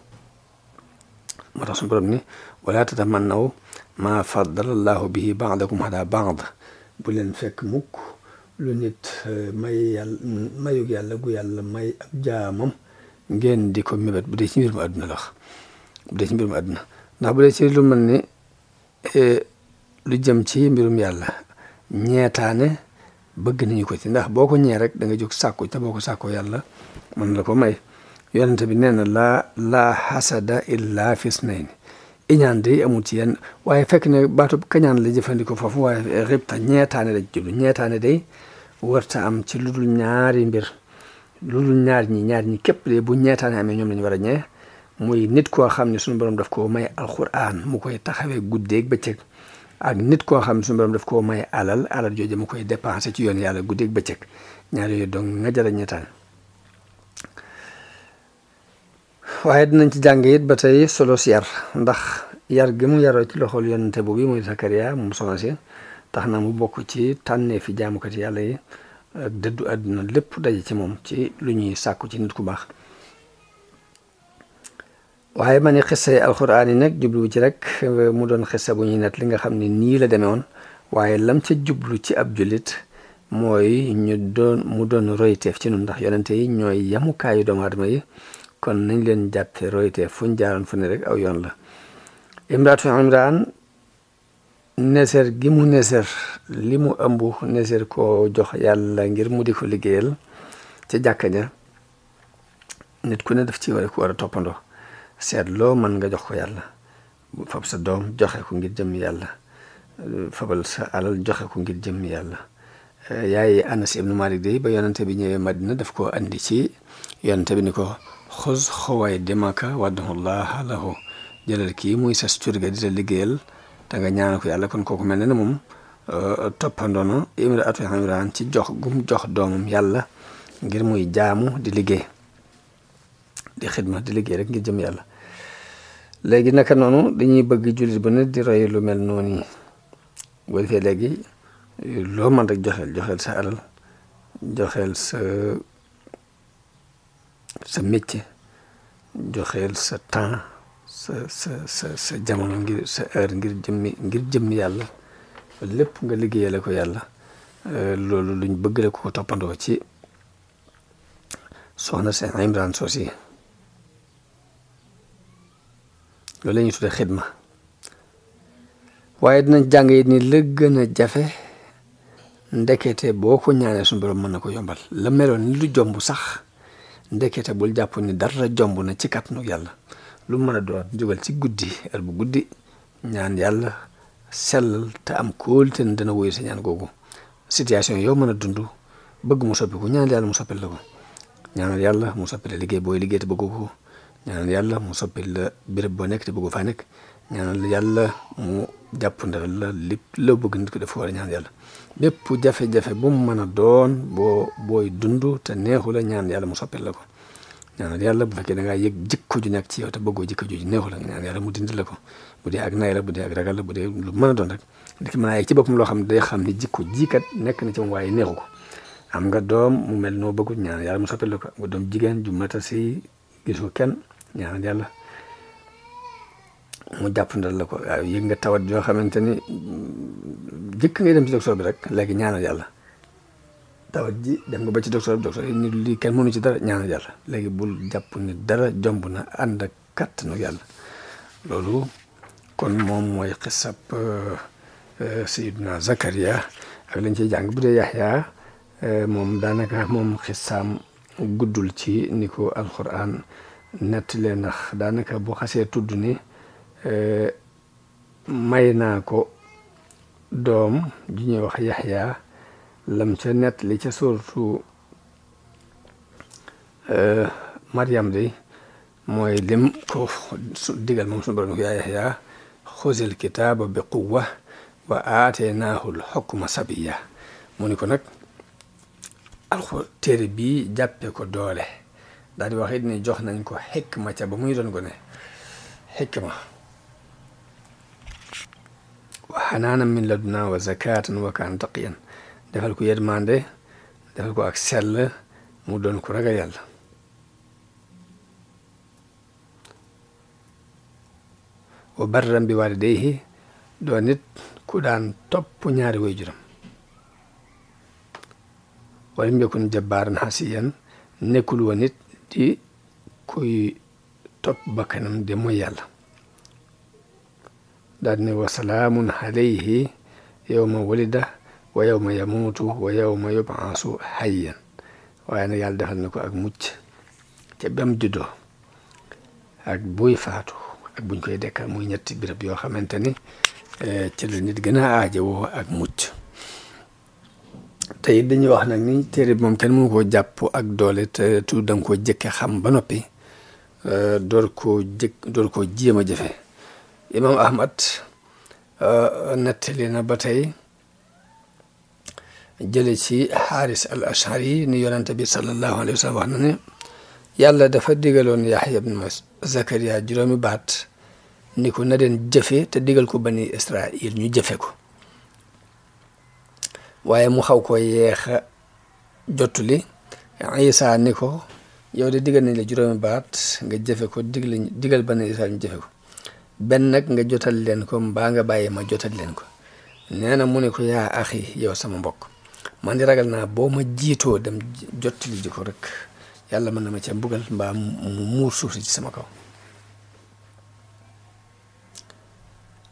moo tax suñu borom ni wala tatamannaw maa faddala llaahu bihi baadakum ala baad bu leen fekk mukk lu nit eh, may yàlla mayug yàlla gu yàlla may ab ngeen di ko mébét bu dee ci mbir mu àdduna la bu dee ci mbir mu àdduna ndax bu dee ci lu mel ni eh, lu jëm ci mbirum yàlla ñeetaane bëgg nañu ko ci ndax boo ko ñee rek da nga jóg sàkku te boo ko sàkkoo yàlla mën la ko may yonente bi nee na laa laa xasada illa fi snayni iñaan de amul ci yenn waaye fekk ne baatub kañaan la jëfandikoo foofu waaye ribta ñeetaane la jublu ñeetaane day warta am ci lu dul ñaari mbir lu dul ñaar ñi ñaar ñi képp de bu ñeetaane amee ñoom lañu war a ñee muy nit koo xam ne suñu borom daf koo may alxuraan mu koy taxawee guddeeg bëccëg ak nit koo xam ne suñu daf koo may alal alal jooju mu koy dépensé ci yoon yàlla guddeeg bëccëg ñaar yooyu donc nga jar a waaye dinañ ci jàng it ba tey solo si yar ndax yar gi mu yaroo ci loxol yonente boobu muy Sakariya moom soxna si tax na mu bokk ci tànnee fi jaamukat yàlla yi ak àdduna lépp daje ci moom ci lu ñuy sàkku ci nit ku baax waaye ma ne xissa yi nag jublu ci rek mu doon xissa bu ñuy net li nga xam ne nii la demee woon waaye lam ca jublu ci ab jullit mooy ñu doon mu doon royteef ci nun ndax yonente ñooy yamukaayu doomu aadama yi kon nañ leen jàppe roytee fuñ jaaroon fu ne rek aw yoon la imraatu imraan neser gi mu neser li mu ëmb neser koo jox yàlla ngir mu di ko liggéeyal ca jàkka ja nit ku ne def ci war ko war a toppandoo seet loo mën nga jox ko yàlla fab sa doom joxe ko ngir jëmm yàlla fabal sa joxe ko ngir jëm yàlla yaay Anas ibnu Malik day ba yonante bi ñëwee Madina def ko andi ci yonante bi ni ko xos xawaay demaka wadduhullaha lahu jëlal kii muy sa curga di la liggéeyal te nga ñaana ko yàlla kon kooku mel ne na moom euh, toppandoona imra atu imran ci jox gum jox doomam yàlla ngir muy jaamu di liggéey di xidma di liggéey rek ngir jëm yàlla léegi naka noonu dañuy bëgg jullit bu ne di roy lu mel noonu yi bu léegi loo mën rek joxeel joxeel sa alal joxeel sa sa joxeel sa temps sa sa sa sa jamono ngir sa heure ngir jëmmi yàlla lépp nga liggéeyale ko yàlla euh, loolu luñ bëgg la ko toppandoo ci soona seen Imran Soosi loolu la ñuy tuddee waaye dinañ jàng yi ni la gën a jafe ndekete boo ko ñaanee suñu borom mën na ko yombal la meloon ni lu jomb sax ndekete bul jàpp ni dara jomb na ci kàttanu yàlla lu mën a doon jógal ci guddi heure bu guddi ñaan yàlla sellal te am kóolute ne dana woyu sa ñaan googu situation yow mën a dund bëgg mu soppi ko ñaan yàlla mu soppil la ko ñaanal yàlla mu soppi la liggéey booy liggéey te bëggu ko ñaanal yàlla mu soppil la béréb boo nekk te bëggu faa nekk mu jàpp ndal la lépp loo bëgg nit ko def ko war a ñaan yàlla lépp jafe-jafe bu mu mën a doon boo booy dund te neexu la ñaan yàlla mu soppil la ko ñaanal yàlla bu fekkee da ngaa yëg jikko ju nekk ci yow te bëggoo jikko ju neexu mu dindi la ko nay la bu dee ak ragal bu dee lu mën a doon rek nit ki mën a yegg loo xam ne day xam ne jikko jiikat nekk na ci moom waaye neexu ko am nga doom mu mel noo bëggu ñaan yàlla mu soppil la ko nga doom jigéen ju mata si gisu kenn ñaanal yàlla mu jàppandal la ko waaw nga tawat joo xamante ni jëkk ngay dem ci docteur bi rek léegi ñaanal yàlla tawat ji dem nga ba ci docteur bi docteur ni lii mënu ci dara ñaanal yàlla léegi bul jàpp ni dara jomb na ànd ak kàttanu yàlla loolu kon moom mooy xisab euh, euh, sayiduna ak lañ ciy jàng bu dee euh, moom daanaka moom xisaam guddul ci ni ko alquran lee ndax daanaka boo xasee tudd ni Eh, may naa ko doom ju wax yaxya lam ca nettali ca suurtu eh, mariam day mooy lim ko digal moom suñu borom yaa yaxya xuzil kitaaba bi quwwa wa aataynaahu l xukma sabiya mu ni ko nag alxu téere bi jàppe ko doole daal wax it ni jox nañ ko xikma ca ba muy doon gone xikma xanaanan min ladunaa wa zakatan wa kaan taqiyan defal ko yërmande defal ko ak sell mu doon ko ragal yàlla wa barran bi waalidayhi doon nit ku daan topp ñaari waajuram walam yakun jabbaaran hasiyan nekkul woon nit di kuy topp bakkanam de mooy yàlla daal di ne wa salaamun alayhi yawma walida wa yawma yamuutu wa yawma yub'asu hayyan waaye nag yàlla defal na ko ak mucc ca bam juddoo ak buy faatu ak buñ koy dekkal muy ñetti birab yoo xamante ni eh, ci nit gën a aajowoo ak mucc te it dañuy wax nag ni téere bi moom kenn mënu ko jàpp ak doole te tu da nga koo jëkke xam ba noppi eh, door koo jëkk door koo jéem a jëfe imaam ahmad euh, nettali na ba tey jële ci xaaris al ashari ni yonente bi sallallahu alayhi wax na ne yàlla dafa digaloon yaxya ibn zakariya juróomi baat niko ko na deen te digal ko bani israil ñu jëfe ko waaye mu xaw ko yeex a jottuli isa ni ko yow de digal nañ le juróomi baat nga jëfe ko digal digal bani israil ñu jëfe ko benn nag nga jotal leen ko mbaa nga bàyyi ma jotal leen ko nee na mu ne ko yaa axi yow sama mbokk man di ragal naa boo ma jiitoo dem jottali ji ko rek yàlla mën na ma ca mbugal mbaa mu muur suuf si ci sama kaw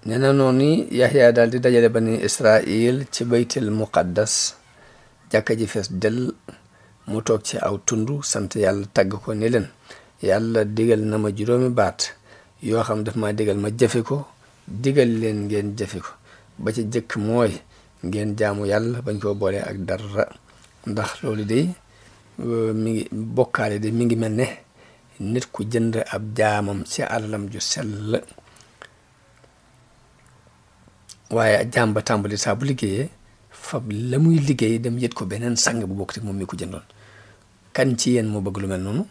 nee na noonu Yaxya daal di dajale bani Israil ci baytil mukaddas jàkka ji fees dell mu toog ci aw tundu sant yàlla tagg ko ni leen yàlla digal na ma juróomi baat yoo xam daf ma digal ma jafe ko digal leen ngeen jafe ko ba ci jëkk mooy ngeen jaamu yàlla bañ koo boole ak dara ndax loolu de euh, mu ngi bokkaale de mi ngi mel ne nit ku jënd ab jaamam ci alalam ju sell waaye jaam ba tàmbali saa bu liggéeyee fab la muy liggéey dem yët ko beneen sang bu bokk te moom mi ko jëndoon kan ci yéen moo bëgg lu mel noonu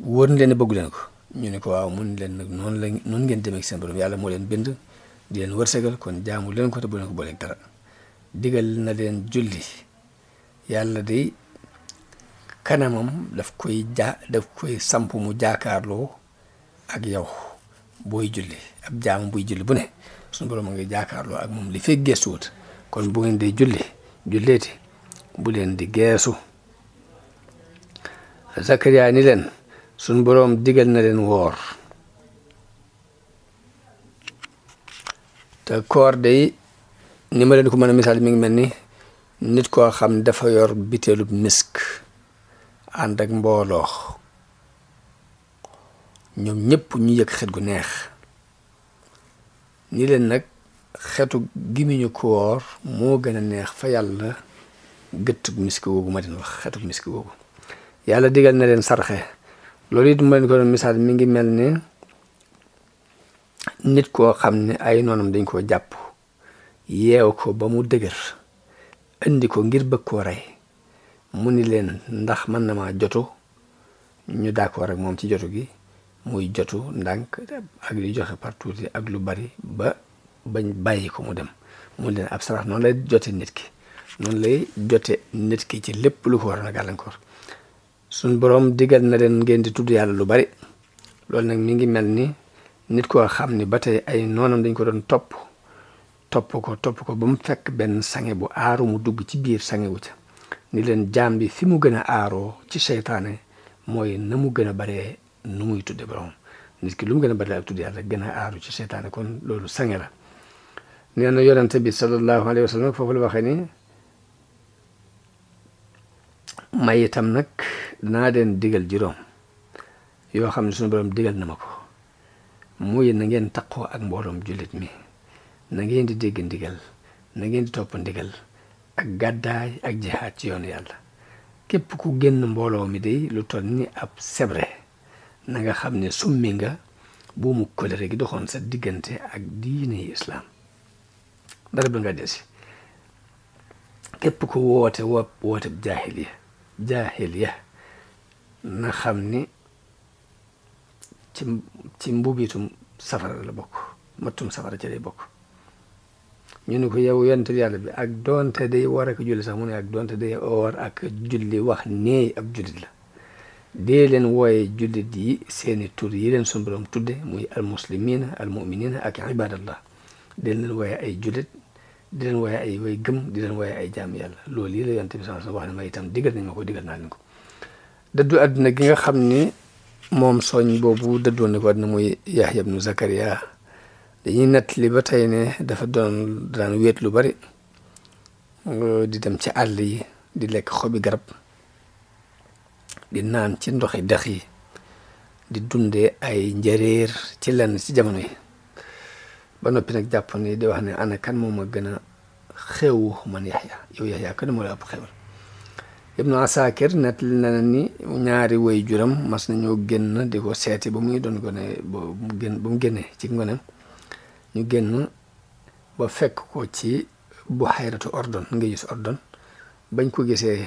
wóor na leen bëggu leen ko ñu ne ko waaw mun leen nag noon la noonu ngeen demee ak seen borom yàlla moo leen bind di leen wërsëgal kon jaamu leen ko te bu leen ko booleeg dara digal na leen julli yàlla day kanamam daf koy ja daf samp mu jaakaarloo ak yow booy julli ab jaamu buy julli bu ne suñu borom a ngi jaakaarloo ak moom li fekk geesuwut kon bu ngeen di julli julleeti leen di geesu Zakariya ni leen suñ boroom digal na leen woor te koor day ni ma leen ko mën a misaal mi ngi mel ni nit koo xam dafa yor biteelub misk ànd ak mbooloo ñoom ñépp ñu yëg xet gu neex ni leen nag xetu gimiñu koor moo gën a neex fa yàlla gëttug misk woogu ma leen wax xetug misk woogu yàlla digal na leen sarxe loolu it ma leen ko doon misaal mi ngi mel ne nit koo xam ne ay noonam dañ koo jàpp yeew ko ba mu dëgër indi ko ngir bëgg koo rey mu ni leen ndax mën na maa jotu ñu d'accord rek moom ci jotu gi muy jotu ndànk ak li joxe par tuuti ak lu bari ba bañ bàyyi ko mu dem mu leen ab sarax noonu lay jote nit ki noonu lay jote nit ki ci lépp lu ko war a gàllankoor suñ borom digal na leen ngeen di tudd yàlla lu bari loolu nag mi ngi mel ni nit koo xam ni ba tey ay noonam dañ ko doon topp topp ko topp ko ba mu fekk benn sange bu aaru mu dugg ci biir sange wu ca ni leen jaam bi fi mu gën a aaroo ci seytaane mooy na mu gën a baree nu muy tudde borom nit ki lu gën a baree ak tudd yàlla gën a aaru ci seytaane kon loolu sange la nee na yonente bi sallallahu alayhi wa sallam foofu la waxee ni may itam nag danaa leen digal juróom yoo xam ne suñu borom digal na ma ko muy na ngeen taqoo ak mbooloom jullit mi na ngeen di dégg ndigal na ngeen di topp ndigal ak gàddaay ak jihaad ci yoonu yàlla képp ku génn mbooloo mi day lu toll ni ab sebre na nga xam ne summi nga buumu kolere gi doxoon sa diggante ak diine yi islaam dara ba nga desi képp ku woote wo woote jaahiliya jaahiliya na xam ni ci ci mbubitum safara la bokk mattum safara ci lay bokk ñu ni ko yow yonent yàlla bi ak doonte day war ak julli sax mu ne ak doonte day oor ak julli wax nee ab jullit la dee leen wooye jullit yi seeni tur yi leen sunu borom tudde muy almuslimina almuminina ak ibadallah dee leen wooye ay jullit di leen wooye ay way gëm di leen wooye ay jaam yàlla loolu yi la yonent bi sallallahu alayhi wa sallam wax ne ma itam digal nañ ma ko digal naa leen gi nga xam ni moom soñ boobu dëddoon na ko àdduna muy Yahya ibnu Zakariya dañuy nettali ba tey ne dafa doon daan wéet lu bari euh, di dem ci àll yi di lekk xobi garab di naan ci ndoxi dex yi di dundee ay njëreer ci lenn ci jamono yi ba noppi nag jàpp ni de wax ne ana kan moom a gëna xew xewu man yaxya yow yaxya kan moo la ëpp xewal ibnu asakir nettali na ni ñaari way juram mas nañoo gën génn di ko seeti ba mu ngi doon gone ba mu génn ba ci ngoneem ñu génn ba fekk ko ci bu xayratu ordon nga gis ordon bañ ko gisee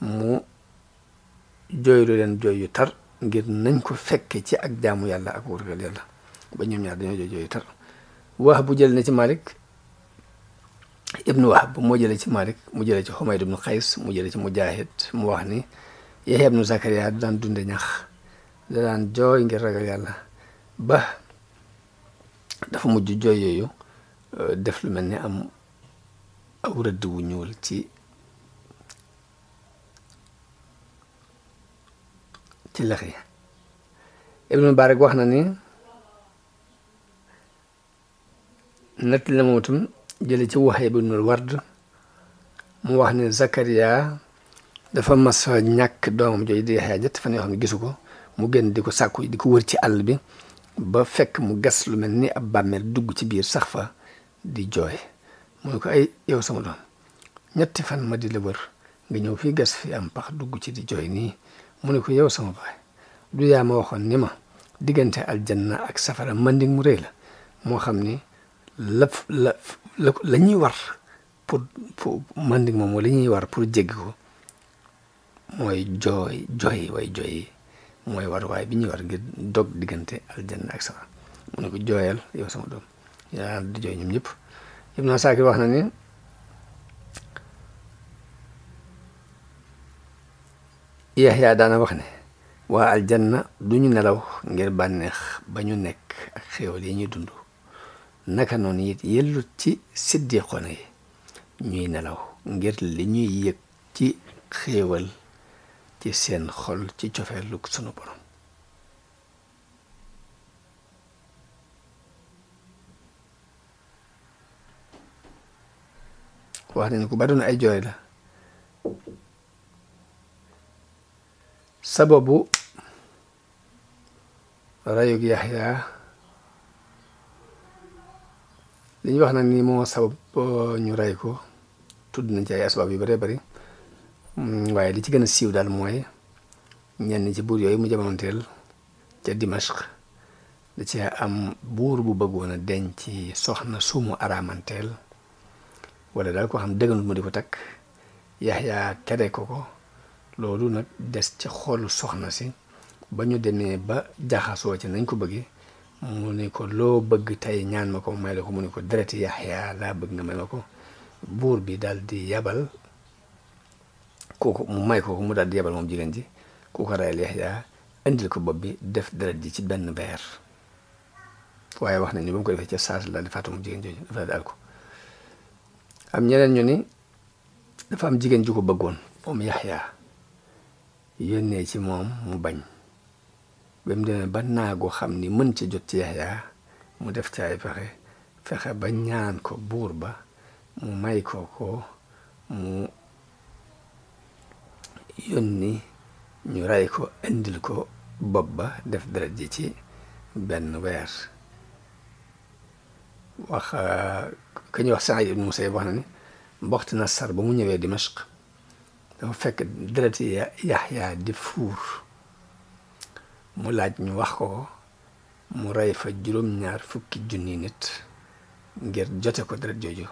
mu jooylu leen jooy yu tar ngir nañ ko fekke ci ak jaamu yàlla ak wurgal yàlla ba ñoom ñaar dañoo jooy jooy yu tar bu jël na ci Malik ibnu Wahb moo jële ci Malik mu jëlee ci Humayd ibnu Qays mu jëlee ci Mujaahid mu wax ni Yahya ibnu Zakariya da daan dunde ñax da daan jooy ngir ragal yàlla ba dafa mujj jooy euh, def lu mel ni am aw rëdd wu ñuul ci ci lex yi Ibnu Mubarak wax na ni nett la moom itam jële ci waxee bi nul ward mu wax ne Zakaria dafa mas a ñàkk doomam jooju di Yaxya ñett fan yoo xam ne gisu ko mu génn di ko sàkku di ko wër ci àll bi ba fekk mu gas lu mel ni ab bàmmeel dugg ci biir sax fa di jooy mu ne ko ay yow sama doom ñetti fan ma di la wër nga ñëw fii gas fi am pax dugg ci di jooy nii mu ne ko yow sama baay du yaa ma waxoon ni ma diggante aljanna ak safara manding mu rëy la moo xam ni la la la ñuy war pour pour moom mooy la ñuy war pour jégg ko mooy jooy jooy way jooy mooy war waay bi ñuy war ngir dog diggante aljanna ak safara mu ne ko jooyal yow sama doom yaa di wax na ni Yaxya daana wax ne waa aljanna du ñu nelaw ngir bànneex ba ñu nekk ak xéewal yi ñuy dund naka noon it yellut ci siddiqoona yi ñuy nelaw ngir li ñuy yëg ci xéewal ci seen xol ci cofeelu sunu borom wax nañ ko ba doon ay jooy la sababu rayug Yaxya li ñu wax nag ni moo sabab euh, ñu rey ko tudd nañ ci ay asbaab yu bëree bari mm, waaye li ci gën a siiw daal mooy ñenn ci buur yooyu mu jamonoonteel ca Dimashq da ci am buur bu bëggoon a denc ci soxna sumu aramanteel wala daal koo xam dëgganut mu di ko takk Yaxya kere ko ko loolu nag des ca xoolu soxna si ba ñu demee ba jaxasoo ci nañ ko bëggee mu ni ko loo bëgg tey ñaan ma ko may la ko mu ni ko dereti yaxyaa laa bëgg nga may ma ko buur bi daal di yabal kooku mu may kooku mu dal di yabal moom jigéen ji ku ko rayal yaxyaa indil ko bopp bi def deret ji ci benn beer waaye wax nañu ba mu ko defee ca saas la di faatu moom jigéen jooju ko am ñeneen ñu ni dafa am jigéen ju ko bëggoon moom yaxyaa ci moom mu bañ ba mu demee xam ni mën ci jot ci mu def ci ay pexe fexe ba ñaan ko buur ba mu may ko ko mu yónni ñu ray ko indil ko bopp ba def deret ji ci benn weer wax euh, ka ñuy wax Saïd ibn Musayyib na ni mboxti na sar ba mu ñëwee Dimashq dafa fekk deret yi di fuur mu laaj ñu wax ko mu rey fa juróom-ñaar fukki junni nit ngir jote ko deret jooju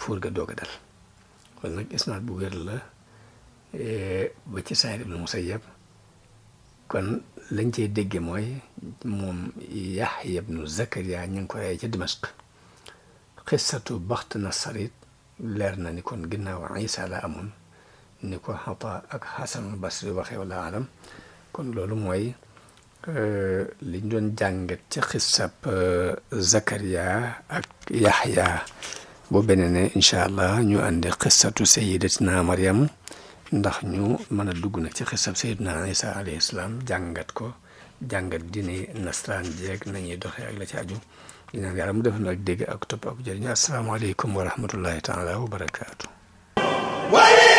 fuur ga doog a dal loolu nag isnaad bu wér la e, ba ci Saïd ibn Musayyab kon lañ cey dégge mooy moom Yaxya ibnu Zakariya ñu ngi ko rey ca Dimask xissatu baxt na sarit leer na ni kon ginnaaw Isa la amoon ni ko Xata ak Xasanul Basri waxee wala alam kon loolu mooy Euh, liñ doon jàngat ci xissab euh, Zakaria ak Yaxya bu benene incha allah ñu àndi xissatu sayidatina Mariam ndax ñu mën a dugg nag ci xissab sayidina Isa alayhi salaam jàngat ko jàngat dini nasran jeeg nañuy doxe ak la ci aju di naan yàlla mu def nag dégg ak topp ak jëriñ asalaamaaleykum wa rahmatullahi taala wa